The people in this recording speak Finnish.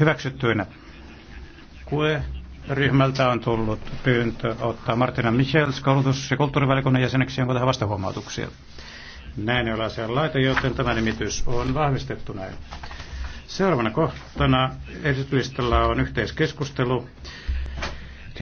hyväksyttyinä. Kue ryhmältä on tullut pyyntö ottaa Martina Michels koulutus- ja kulttuurivälikunnan jäseneksi. Onko tähän vastahuomautuksia? Näin ei ole asian laite, joten tämä nimitys on vahvistettu näin. Seuraavana kohtana esityslistalla on yhteiskeskustelu.